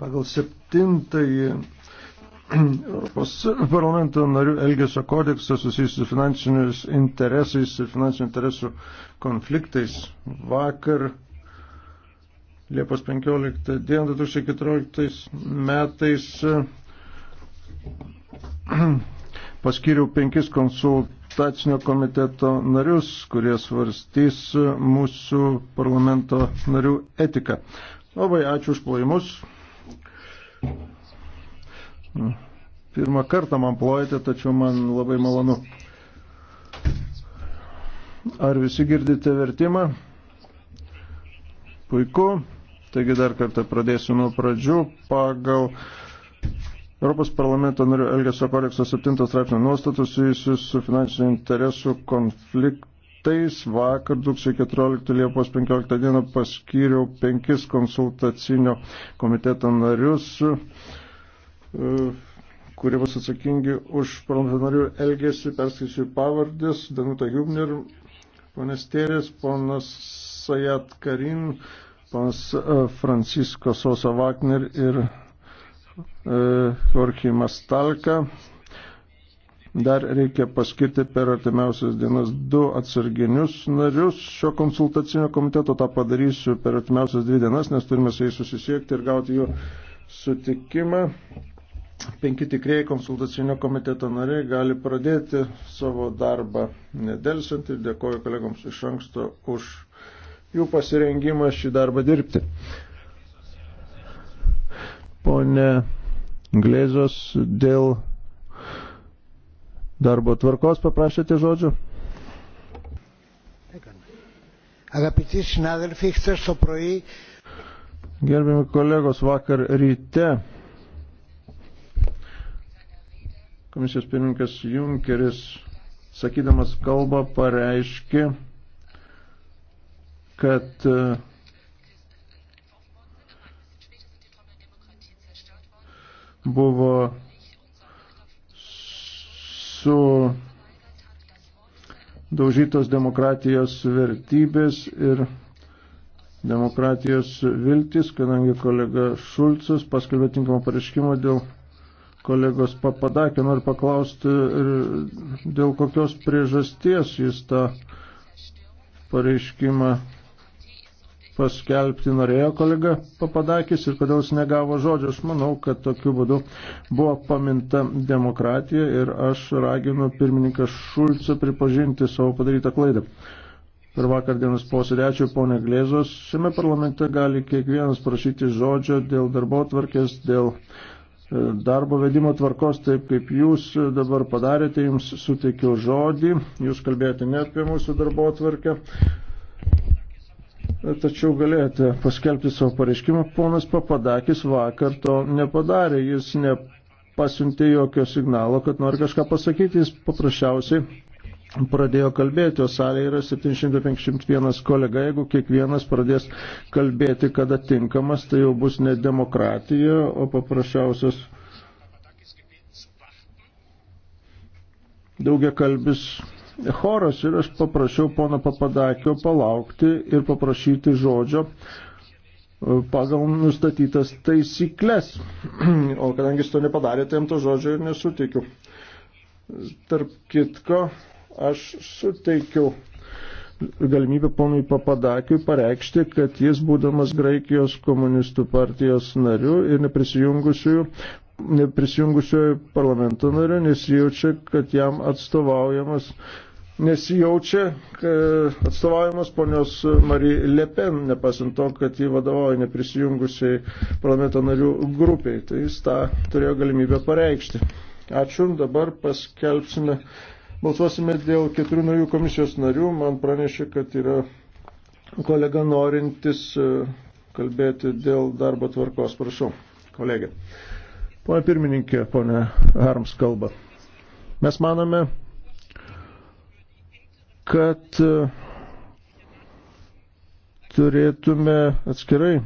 Pagal septintąjį Europos parlamento narių Elgesio kodeksą susijusiu su finansiniais interesais ir finansinių interesų konfliktais vakar Liepos 15 dieną 2014 metais paskiriau penkis konsultacinio komiteto narius, kurie svarstys mūsų parlamento narių etiką. Labai ačiū už plojimus. Pirmą kartą man plojate, tačiau man labai malonu. Ar visi girdite vertimą? Puiku. Taigi dar kartą pradėsiu nuo pradžių. Pagal Europos parlamento narių Elgesio kodekso 7 straipsnio nuostatus susijusius su finansinių interesų konfliktu metais vakar 2014 Liepos 15 dieną paskyriau penkis konsultacinio komiteto narius, e, kurie bus atsakingi už parlamentarių elgesį, perskaičiu pavardės, Danuta Jubner, ponas Tėrės, ponas Sajat Karin, ponas e, Francisko Sosa Wagner ir e, Jorkimas Talka. Dar reikia paskirti per artimiausias dienas du atsarginius narius šio konsultacinio komiteto. Ta padarysiu per artimiausias dvi dienas, nes turime su jais susisiekti ir gauti jų sutikimą. Penki tikrieji konsultacinio komiteto nariai gali pradėti savo darbą nedelsiant ir dėkoju kolegoms iš anksto už jų pasirengimą šį darbą dirbti. Pone Glezos dėl darbo tvarkos paprašėte žodžio? Αγαπητοί συνάδελφοι, χθε το πρωί. Gerbiami kolegos, vakar ryte komisijos pirmininkas Junkeris, sakydamas kalbą, pareiškė, kad e, buvo su daužytos demokratijos vertybės ir demokratijos viltis, kadangi kolega Šulcas paskelbė tinkamą pareiškimą dėl kolegos Papadakio. Noriu paklausti, dėl kokios priežasties jis tą pareiškimą paskelbti norėjo kolega Papadakis ir kodėl jis negavo žodžio. Aš manau, kad tokiu būdu buvo paminta demokratija ir aš raginu pirmininką Šulcą pripažinti savo padarytą klaidą. Per vakar dienos posėdį ačiū ponė Glėzos. Šiame parlamente gali kiekvienas prašyti žodžio dėl darbo tvarkės, dėl e, darbo vedimo tvarkos, taip kaip jūs dabar padarėte, jums suteikiau žodį, jūs kalbėjote ne apie mūsų darbo tvarkę. Tačiau galėjote paskelbti savo pareiškimą. Ponas Papadakis vakar to nepadarė. Jis nepasiuntė jokio signalo, kad nori kažką pasakyti. Jis paprasčiausiai pradėjo kalbėti, o salėje yra 751 kolega, jeigu kiekvienas pradės kalbėti, kada tinkamas, tai jau bus ne demokratija, o paprasčiausias daugia kalbis choras ir aš paprašiau pono Papadakio palaukti ir paprašyti žodžio e, pagal nustatytas taisyklės. O kadangi jis to nepadarė, tai jam to žodžio ir nesutikiu. Tarp kitko, aš suteikiau galimybę ponui Papadakiui pareikšti, kad jis, būdamas Graikijos komunistų partijos nariu ir neprisijungusiųjų, neprisijungusiojo parlamento nariu, nesijaučia, kad jam atstovaujamas nesijaučia atstovaujamas ponios Marie Le Pen, nepasint to, kad jį vadovauja neprisijungusiai parlamento narių grupiai. Tai jis tą turėjo galimybę pareikšti. Ačiū, dabar paskelbsime, balsuosime dėl keturių naujų komisijos narių. Man pranešė, kad yra kolega norintis e, kalbėti dėl darbo tvarkos. Prašau, kolegė. Pone pirmininkė, pone Harms kalba. Mes manome, kad e, turėtume atskirai